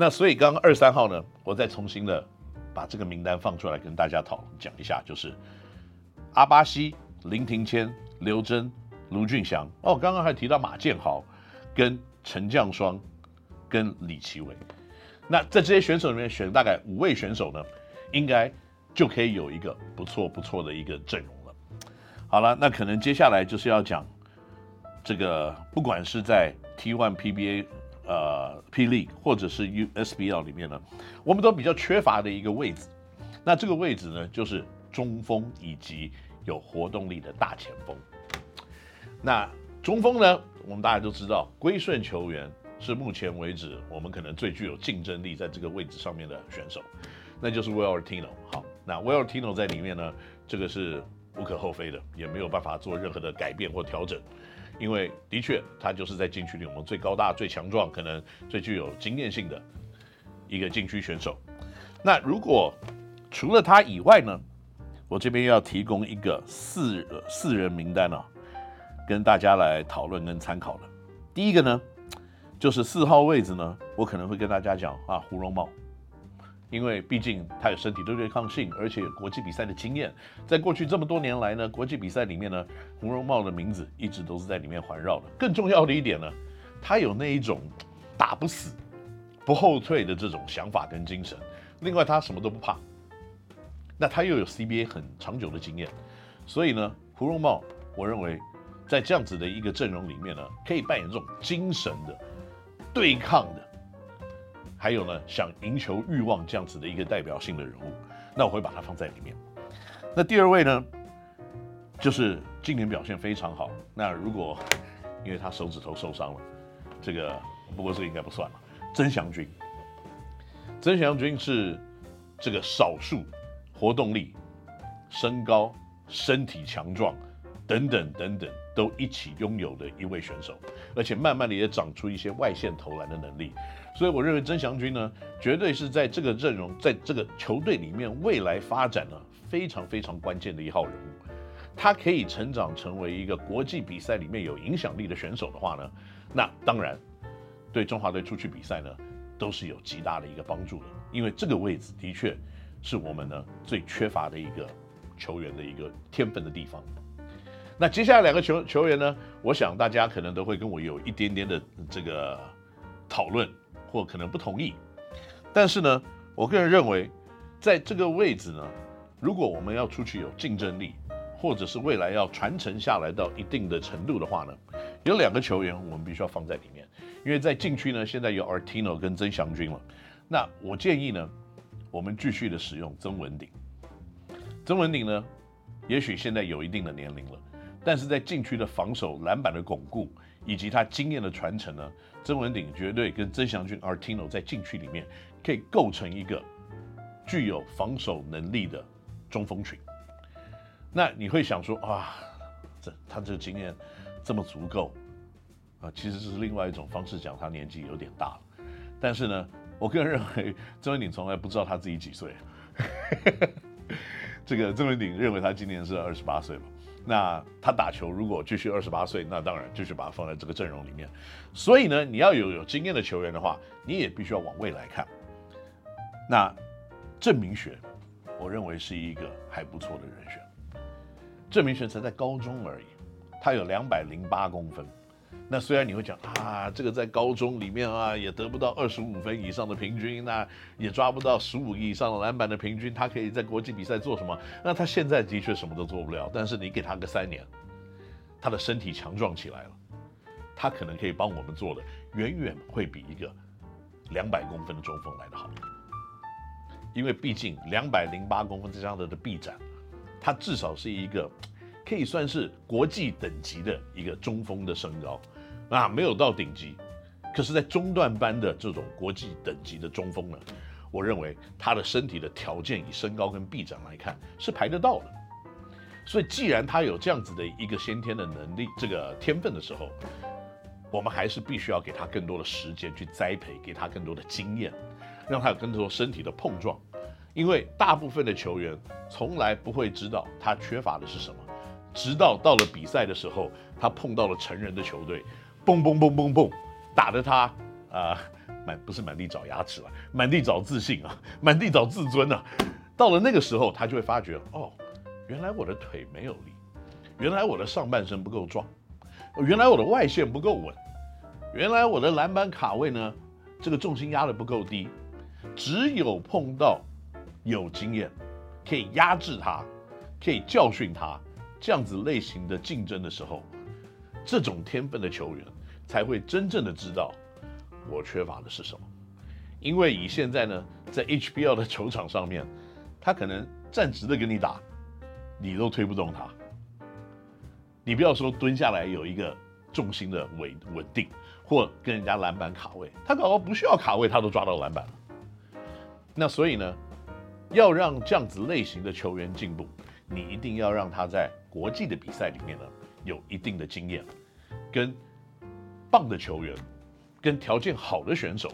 那所以剛剛二三號呢，我再重新的把這個名單放出來跟大家討論，講一下，就是阿巴西、林庭謙、劉錚、盧峻翔，哦，剛剛還提到馬建豪、跟陳將雙、跟李奇偉。那在這些選手裡面選大概五位選手呢，應該就可以有一個不錯不錯的一個陣容了。好了，那可能接下來就是要講這個，不管是在 T1 PBA。呃、uh，P-League 或者是 USBL 裡面呢，我們都比較缺乏的一個位置。那這個位置呢，就是中鋒以及有活動力的大前鋒。那中鋒呢，我們大家都知道，歸順球員是目前為止我們可能最具有競爭力在這個位置上面的選手，那就是 Will Artino 好，那 Will Artino 在裡面呢，這個是無可厚非的，也沒有辦法做任何的改變或調整。因為的確，他就是在禁區裡我們最高大、最強壯、可能最具有經驗性的一個禁區選手。那如果除了他以外呢，我這邊要提供一個四四人名單啊，跟大家來討論跟參考的。第一個呢，就是四號位置呢，我可能會跟大家講啊，胡瓏貿。因為畢竟他有身體的對抗性，而且有國際比賽的經驗。在過去這麼多年來呢，國際比賽裡面呢，胡瓏貿的名字一直都是在裡面環繞的。更重要的一點呢，他有那一種打不死、不後退的這種想法跟精神。另外，他什麼都不怕。那他又有 CBA 很長久的經驗，所以呢，胡瓏貿，我認為在這樣子的一個陣容裡面呢，可以扮演這種精神的對抗的。還有呢，想贏球欲望這樣子的一個代表性的人物，那我會把他放在裡面。那第二位呢，就是今年表現非常好。那如果因為他手指頭受傷了，這個不過這個應該不算了。曾祥鈞，曾祥鈞是這個少數，活動力、身高、身體強壯。等等等等，都一起擁有的一位選手，而且慢慢的也長出一些外線投籃的能力。所以我認為曾祥鈞呢，絕對是在這個陣容，在這個球隊裡面未來發展呢非常非常關鍵的一號人物。他可以成長成為一個國際比賽裡面有影響力的選手的話呢，那當然對中華隊出去比賽呢都是有極大的一個幫助的。因為這個位置的確是我們呢最缺乏的一個球員的一個天分的地方。那接下來兩個球球員呢，我想大家可能都會跟我有一點點的這個討論，或可能不同意。但是呢，我個人認為，在這個位置呢，如果我們要出去有競爭力，或者是未來要傳承下來到一定的程度的話呢，有兩個球員我們必須要放在裡面。因為在禁區呢，現在有 Artino 跟曾祥鈞了。那我建議呢，我們繼續的使用曾文鼎。曾文鼎呢，也許現在有一定的年齡了。但是在禁區的防守、籃板的鞏固以及他經驗的傳承呢，曾文鼎絕對跟曾祥俊、Artino 在禁區裡面可以構成一個具有防守能力的中鋒群。那你會想說啊，這他這個經驗這麼足夠啊？其實這是另外一種方式講，他年紀有點大了。但是呢，我個人認為曾文鼎從來不知道他自己幾歲。 這個曾文鼎認為他今年是二十八歲。那他打球如果繼續二十八歲，那當然繼續把他放在這個陣容裡面。所以呢，你要有有經驗的球員的話，你也必須要往未來看。那鄭明璇，我認為是一個還不錯的人選。鄭明璇才在高中而已，他有兩百零八公分。那雖然你會講啊，這個在高中裡面啊也得不到二十五分以上的平均啊，那也抓不到十五以上的籃板的平均，他可以在國際比賽做什麼？那他現在的確什麼都做不了。但是你給他個三年，他的身體強壯起來了，他可能可以幫我們做的遠遠會比一個兩百公分的中鋒來得好，因為畢竟兩百零八公分這樣的的臂展，他至少是一個。可以算是國際等級的一個中鋒的身高，啊，沒有到頂級，可是，在中段班的這種國際等級的中鋒呢，我認為他的身體的條件以身高跟臂展來看是排得到的。所以，既然他有這樣子的一個先天的能力，這個天分的時候，我們還是必須要給他更多的時間去栽培，給他更多的經驗，讓他有更多身體的碰撞，因為大部分的球員從來不會知道他缺乏的是什麼。直到到了比賽的時候，他碰到了成人的球隊，嘣嘣嘣嘣嘣，打得他啊滿、呃、不是滿地找牙齒了，滿地找自信啊，滿地找自尊啊。到了那個時候，他就會發覺哦，原來我的腿沒有力，原來我的上半身不夠壯，原來我的外線不夠穩，原來我的籃板卡位呢，這個重心壓得不夠低。只有碰到有經驗，可以壓制他，可以教訓他。這樣子類型的競爭的時候，這種天分的球員才會真正的知道我缺乏的是什麼。因為以現在呢，在 HBL 的球場上面，他可能站直的跟你打，你都推不動他。你不要說蹲下來有一個重心的穩穩定，或跟人家籃板卡位，他搞不好不需要卡位，他都抓到籃板了。那所以呢，要讓這樣子類型的球員進步，你一定要讓他在。國際的比賽裡面呢，有一定的經驗，跟棒的球員，跟條件好的選手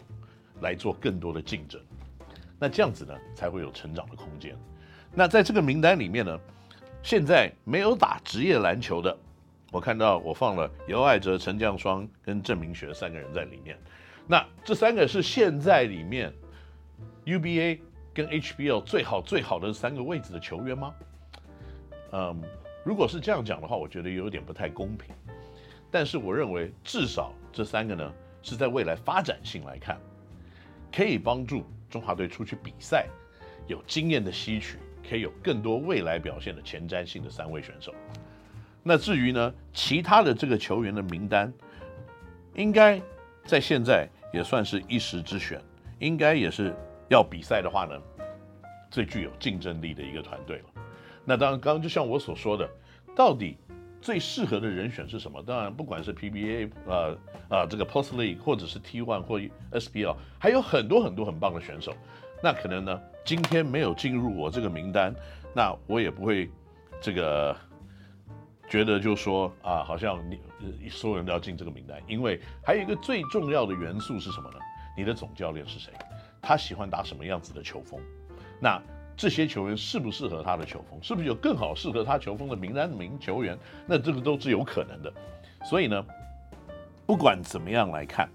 來做更多的競爭，那這樣子呢，才會有成長的空間。那在這個名單裡面呢，現在沒有打職業籃球的，我看到我放了尤艾哲、陳將雙跟鄭明學三個人在裡面。那這三個是現在裡面 UBA 跟 HBL 最好最好的三個位置的球員嗎？嗯。如果是這樣講的話，我覺得有點不太公平。但是我認為，至少這三個呢，是在未來發展性來看，可以幫助中華隊出去比賽，有經驗的吸取，可以有更多未來表現的前瞻性的三位選手。那至於呢，其他的這個球員的名單，應該在現在也算是一時之選，應該也是要比賽的話呢，最具有競爭力的一個團隊了。那當然，剛剛就像我所說的，到底最適合的人選是什麼？當然，不管是 PBA 啊、呃、啊、呃，這個 P. League 或者是 T1 或 SBL，還有很多很多很棒的選手。那可能呢，今天沒有進入我這個名單，那我也不會這個覺得就說啊，好像你所有人都要進這個名單。因為還有一個最重要的元素是什麼呢？你的總教練是誰？他喜歡打什麼樣子的球風？那。這些球員適不適合他的球風，是不是有更好適合他球風的名單名球員？那這個都是有可能的。所以呢，不管怎麼樣來看，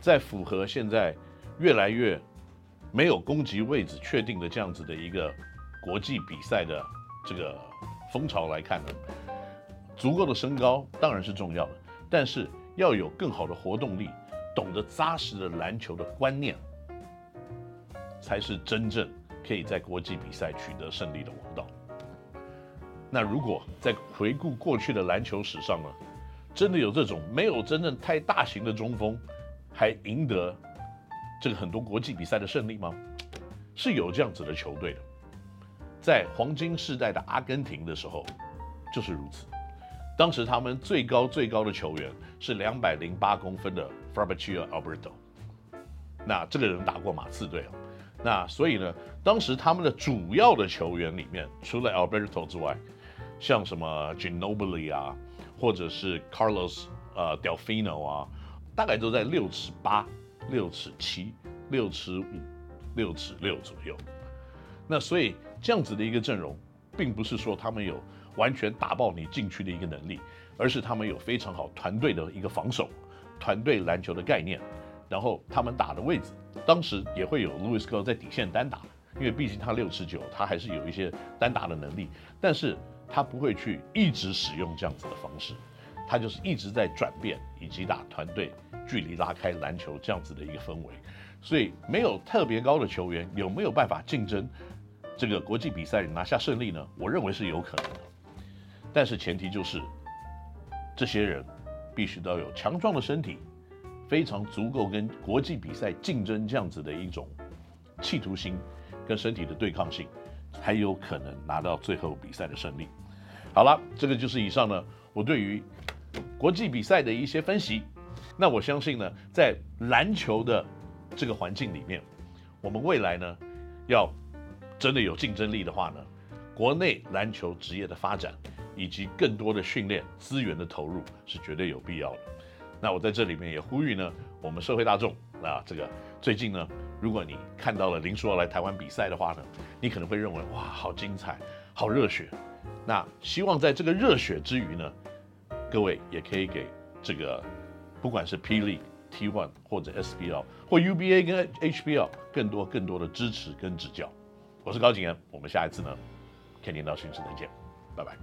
在符合現在越來越沒有攻擊位置確定的這樣子的一個國際比賽的這個風潮來看呢，足夠的身高當然是重要的，但是要有更好的活動力，懂得紮實的籃球的觀念，才是真正。可以在國際比賽取得勝利的王道。那如果在回顧過去的籃球史上呢，真的有這種沒有真正太大型的中鋒，還贏得這個很多國際比賽的勝利嗎？是有這樣子的球隊的，在黃金世代的阿根廷的時候，就是如此。當時他們最高最高的球員是兩百零八公分的 Fabricio Oberto，那這個人打過馬刺隊了啊。那所以呢，當時他們的主要的球員裡面，除了 Alberto 之外，像什麼 Ginobili 啊，或者是 Carlos 啊，uh，Delfino 啊，大概都在六尺八、六尺七、六尺五、六尺六左右。那所以這樣子的一個陣容，並不是說他們有完全打爆你禁區的一個能力，而是他們有非常好團隊的一個防守、團隊籃球的概念。然後他們打的位置，當時也會有路易斯科在底線單打，因為畢竟他六尺九，他還是有一些單打的能力。但是他不會去一直使用這樣子的方式，他就是一直在轉變，以及打團隊距離拉開、籃球這樣子的一個氛圍。所以沒有特別高的球員，有沒有辦法競爭這個國際比賽拿下勝利呢？我認為是有可能的，但是前提就是這些人必須都要有強壯的身體。非常足夠跟國際比賽競爭這樣子的一種企圖心，跟身體的對抗性，才有可能拿到最後比賽的勝利。好了，這個就是以上呢，我對於國際比賽的一些分析。那我相信呢，在籃球的這個環境裡面，我們未來呢，要真的有競爭力的話呢，國內籃球職業的發展以及更多的訓練資源的投入是絕對有必要的。那我在這裡面也呼籲呢，我們社會大眾啊，這個最近呢，如果你看到了林書豪來台灣比賽的話呢，你可能會認為哇，好精彩，好熱血。那希望在這個熱血之餘呢，各位也可以給這個不管是霹靂 T1 或者 SBL 或 UBA 跟 HBL 更多更多的支持跟指教。我是高景炎，我們下一次呢，肯尼 NOW 星球再見，拜拜。